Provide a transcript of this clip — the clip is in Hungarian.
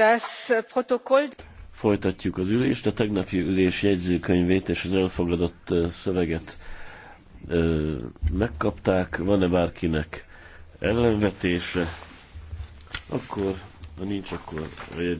Das protokoll... Folytatjuk az ülést, a tegnapi ülés jegyzőkönyvét és az elfogadott szöveget ö, megkapták. Van-e bárkinek ellenvetése? Akkor, ha nincs, akkor